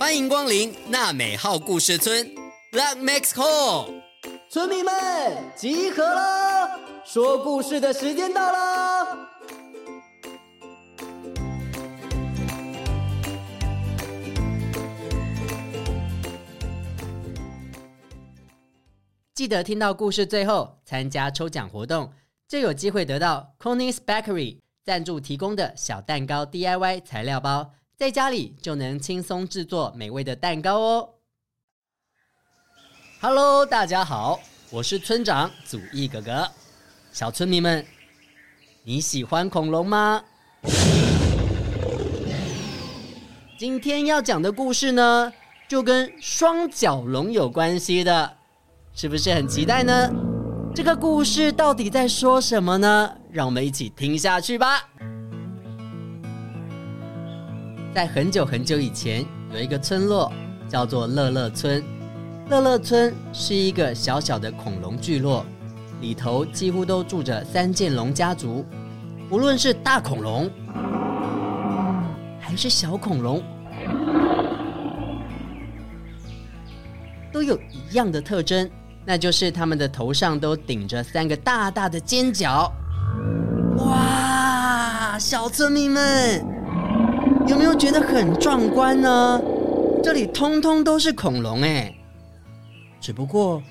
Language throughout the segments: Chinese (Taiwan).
歡迎光臨娜美號故事村 l a c k m e x call 村民們集合了，說故事的時間到了。記得聽到故事最後，參加抽獎活動就有機會得到 Connie's Bakery 贊助提供的小蛋糕 DIY 材料包。在家裡就能輕鬆製作美味的蛋糕哦！Hello，大家好，我是村長祖逸哥哥。小村民們，你喜歡恐龍嗎？今天要講的故事呢，就跟雙角龍有關係的，是不是很期待呢？這個故事到底在說什麼呢？讓我們一起聽下去吧。在很久很久以前，有一個村落叫做樂樂村。樂樂村是一個小小的恐龍聚落，裡頭幾乎都住着三箭龍家族。無論是大恐龍，還是小恐龍，都有一樣的特徵，那就是他們的頭上都頂着三個大大的尖角。哇，小村民們！有沒有覺得很壯觀呢？這裡通通都是恐龍哎，只不過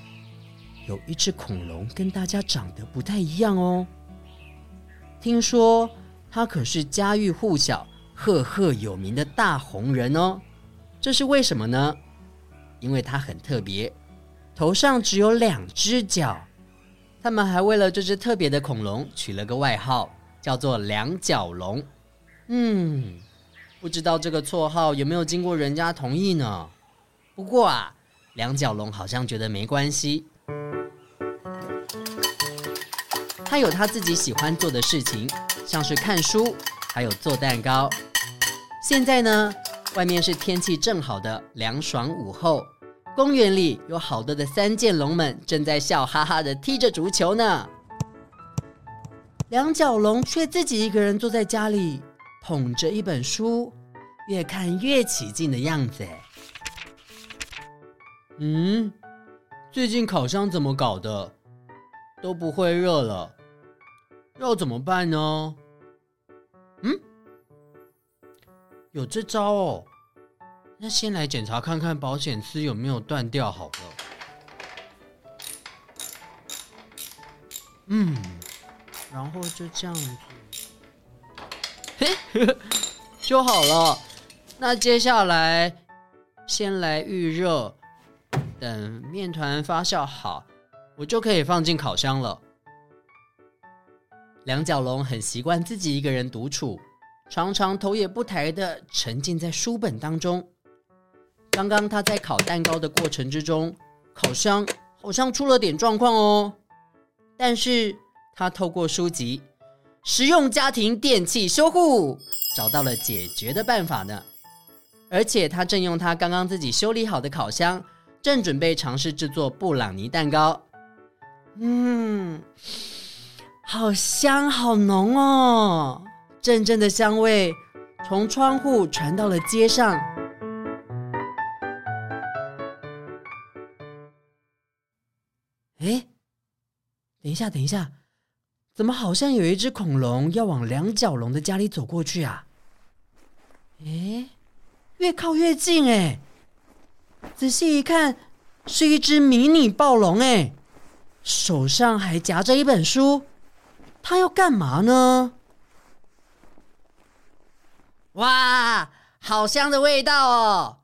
有一隻恐龍跟大家長得不太一樣哦。聽說它可是家喻戶曉、赫赫有名的大紅人哦。這是為什麼呢？因為它很特別，頭上只有兩隻角。他們還為了這隻特別的恐龍取了個外號，叫做兩角龍。嗯。不知道這個綽號有沒有經過人家同意呢？不過啊，兩角龍好像覺得沒關係。他有他自己喜歡做的事情，像是看書，還有做蛋糕。現在呢，外面是天氣正好的涼爽午後，公園裡有好多的三箭龍們正在笑哈哈的踢着足球呢。兩角龍卻自己一個人坐在家裡。捧着一本書，越看越起勁的樣子。嗯，最近烤箱怎麼搞的？都不會熱了，要怎麼辦呢？嗯，有這招哦。那先來檢查看看保險絲有沒有斷掉，好了。嗯，然後就這樣子。就 好了。那接下來，先來預熱，等麵團發酵好，我就可以放進烤箱了。兩角龍很習慣自己一個人獨處，常常頭也不抬地沉浸在書本當中。剛剛他在烤蛋糕的過程之中，烤箱好像出了點狀況哦。但是他透過書籍，實用家庭電器修護找到了解決的辦法呢，而且他正用他剛剛自己修理好的烤箱，正準備嘗試製作布朗尼蛋糕。嗯，好香，好濃哦！陣陣的香味從窗戶傳到了街上。哎，等一下，等一下。怎麼好像有一隻恐龍要往兩角龍的家裡走過去啊？哎，越靠越近哎！仔細一看，是一隻迷你暴龍哎，手上還夾着一本書，它要幹嘛呢？哇，好香的味道哦！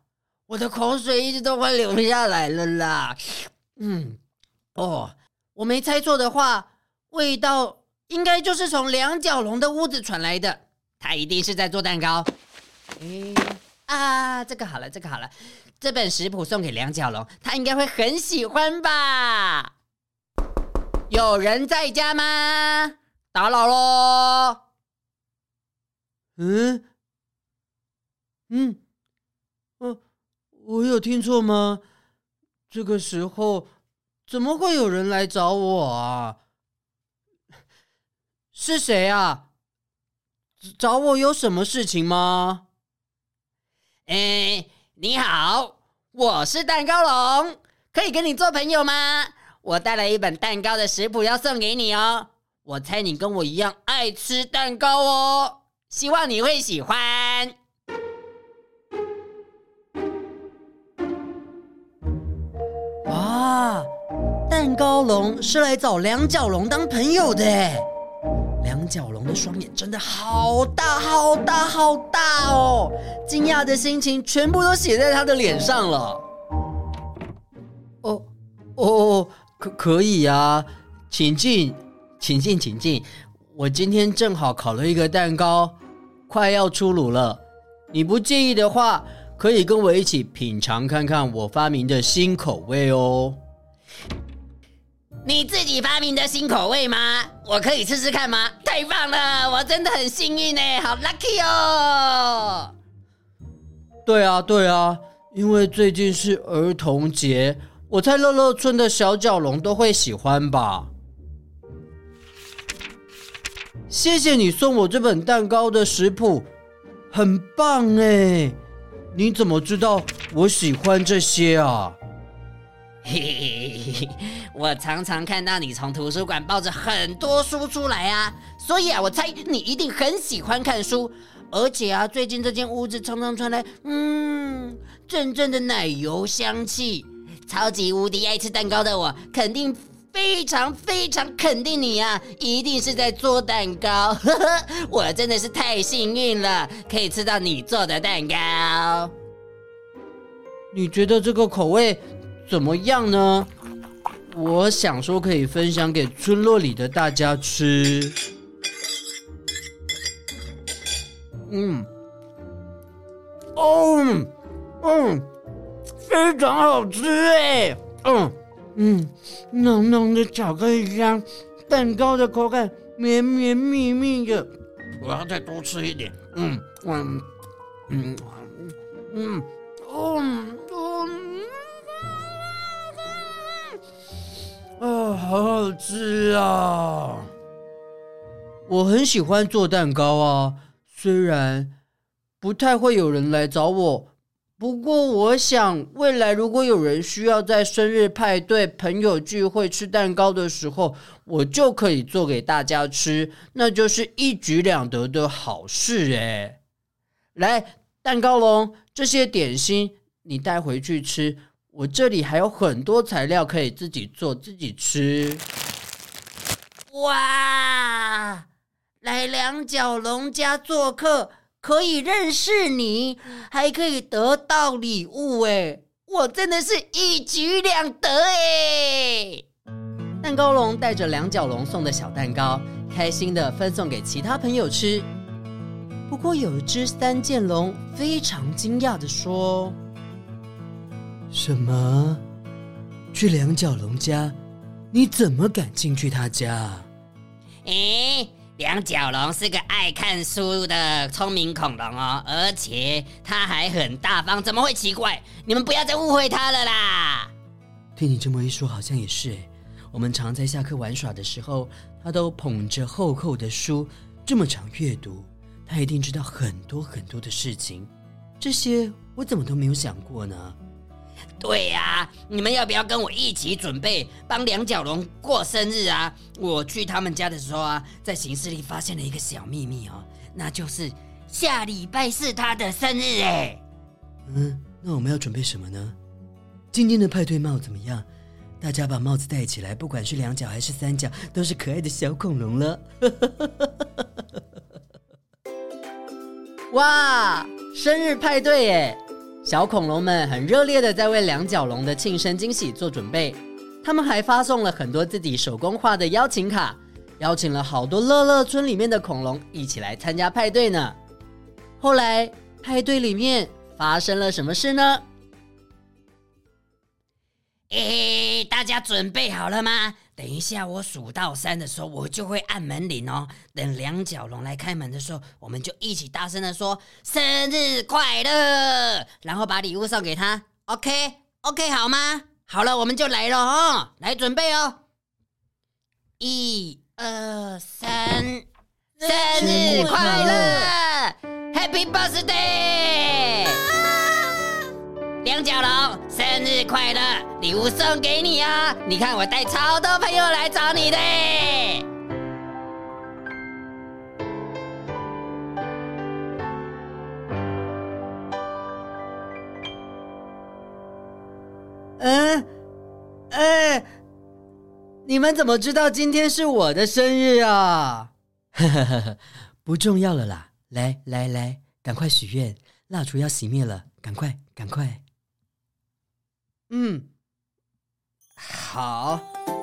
我的口水一直都快流下來了啦。嗯，哦，我沒猜錯的話，味道。應該就是從兩角龍的屋子傳來的，他一定是在做蛋糕。哎、嗯，啊，這個好了，這個好了，這本食譜送給兩角龍，他應該會很喜歡吧？有人在家嗎？打擾嘍。嗯，嗯，我有聽錯嗎？這個時候怎麼會有人來找我啊？是誰啊？找我有什麼事情嗎？哎、欸，你好，我是蛋糕龍，可以跟你做朋友嗎？我帶來一本蛋糕的食譜要送給你哦。我猜你跟我一樣愛吃蛋糕哦，希望你會喜歡。哇，蛋糕龍是來找兩角龍當朋友的耶！角龍的雙眼真的好大好大好大哦！驚訝的心情全部都寫在他的臉上了。哦哦，可可以啊，請進，請進，請進！我今天正好烤了一個蛋糕，快要出爐了。你不介意的話，可以跟我一起品嘗看看我發明的新口味哦。你自己發明的新口味嗎？我可以試試看嗎？太棒了，我真的很幸運耶，好 lucky 哦！對啊，對啊，因為最近是兒童節，我猜樂樂村的小角龍都會喜歡吧。謝謝你送我這本蛋糕的食譜，很棒耶！你怎麼知道我喜歡這些啊？嘿嘿嘿， 我常常看到你從圖書館抱着很多書出來啊，所以啊，我猜你一定很喜歡看書。而且啊，最近這間屋子常常傳來嗯陣陣的奶油香氣，超級無敵愛吃蛋糕的我，肯定非常非常肯定你呀、啊，一定是在做蛋糕。呵呵，我真的是太幸運了，可以吃到你做的蛋糕。你覺得這個口味怎麼樣呢？我想說可以分享給村落裡的大家吃。嗯，哦，嗯，非常好吃誒。嗯嗯，濃濃的巧克力香，蛋糕的口感綿綿密密的。我要再多吃一點，嗯，嗯。嗯，嗯，嗯，啊、哦，好好吃啊！我很喜歡做蛋糕啊，雖然不太會有人來找我，不過我想未來如果有人需要在生日派對、朋友聚會吃蛋糕的時候，我就可以做給大家吃，那就是一舉兩得的好事耶！來，蛋糕龍，這些點心你帶回去吃。我這裡還有很多材料，可以自己做自己吃。哇！來兩角龍家做客，可以認識你，還可以得到禮物誒。我真的是一舉兩得誒。蛋糕龍帶着兩角龍送的小蛋糕，開心的分送給其他朋友吃。不過有一隻三箭龍非常驚訝的說。什麼？去兩角龍家？你怎麼敢進去他家啊？誒，兩角龍是個愛看書的聰明恐龍哦，而且他還很大方，怎麼會奇怪？你們不要再誤會他了啦！聽你這麼一說，好像也是。我們常在下課玩耍的時候，他都捧着厚厚的書，這麼常閱讀，他一定知道很多很多的事情。這些我怎麼都沒有想過呢？對呀、啊，你們要不要跟我一起準備幫兩角龍過生日啊？我去他們家的時候啊，在行事裡發現了一個小秘密哦，那就是下禮拜是他的生日哎。嗯，那我們要準備什麼呢？今天的派對帽怎麼樣？大家把帽子戴起來，不管是兩角還是三角，都是可愛的小恐龍了。 哇，生日派對耶！小恐龍們很熱烈地在為兩角龍的慶生驚喜做準備，他們還發送了很多自己手工畫的邀請卡，邀請了好多樂樂村裡面的恐龍一起來參加派對呢。後來派對裡面發生了什麼事呢？誒，大家準備好了嗎？等一下，我數到三的時候，我就會按門鈴哦。等兩角龍來開門的時候，我們就一起大聲的說“生日快樂”，然後把禮物送給他 OK。OK，OK，OK 好嗎？好了，我們就來了哦。來準備哦、喔。一、二、三，生日快樂，Happy Birthday！兩角龍，生日快樂！禮物送給你啊！你看，我帶超多朋友來找你的欸。嗯，哎，你們怎麼知道今天是我的生日啊？呵呵呵呵，不重要了啦！來來來，趕快許願，蠟燭要熄滅了，趕快，趕快！嗯，好，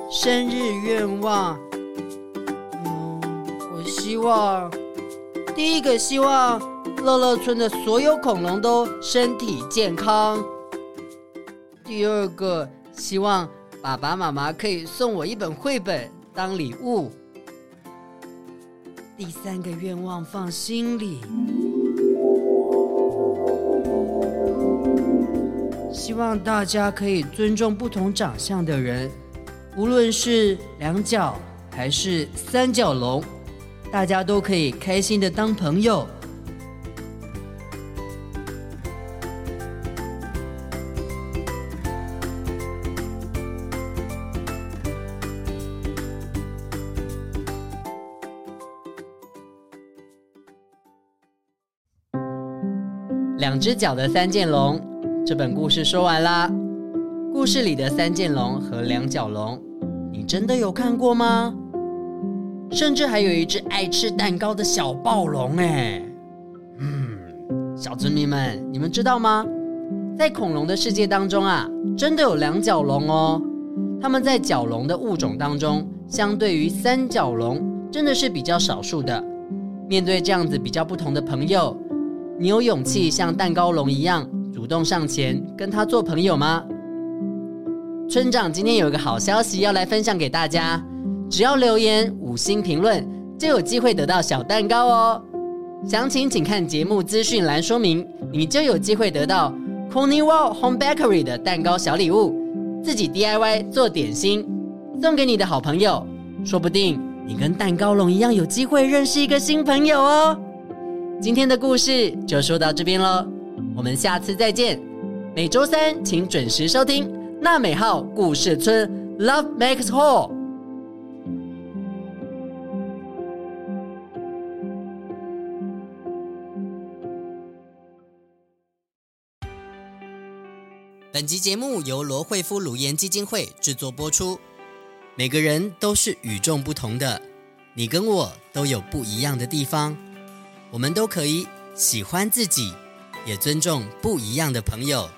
生日願望，嗯，我希望第一個希望樂樂村的所有恐龍都身體健康。第二個希望爸爸媽媽可以送我一本繪本當禮物。第三個願望放心裡。希望大家可以尊重不同長相的人，無論是兩角還是三角龍，大家都可以開心的當朋友。兩隻角的三箭龍。這本故事說完了，故事裡的三箭龍和兩角龍，你真的有看過嗎？甚至還有一只愛吃蛋糕的小暴龍哎，嗯，小村民們，你們知道嗎？在恐龍的世界當中啊，真的有兩角龍哦，它們在角龍的物種當中，相對於三角龍，真的是比較少數的。面對這樣子比較不同的朋友，你有勇氣像蛋糕龍一樣？主動上前跟他做朋友嗎？村長今天有一個好消息要來分享給大家，只要留言五星評論就有機會得到小蛋糕哦。詳情請看節目資訊欄說明，你就有機會得到 Conniewow Home Bakery 的蛋糕小禮物，自己 DIY 做點心，送給你的好朋友。說不定你跟蛋糕龍一樣有機會認識一個新朋友哦。今天的故事就說到這邊咯。我們下次再見。每周三請準時收聽《納美號故事村 Love Makes Whole》。 本集節目由羅慧夫顱顏基金會製作播出。每個人都是與眾不同的，你跟我都有不一樣的地方，我們都可以喜歡自己，也尊重不一樣的朋友。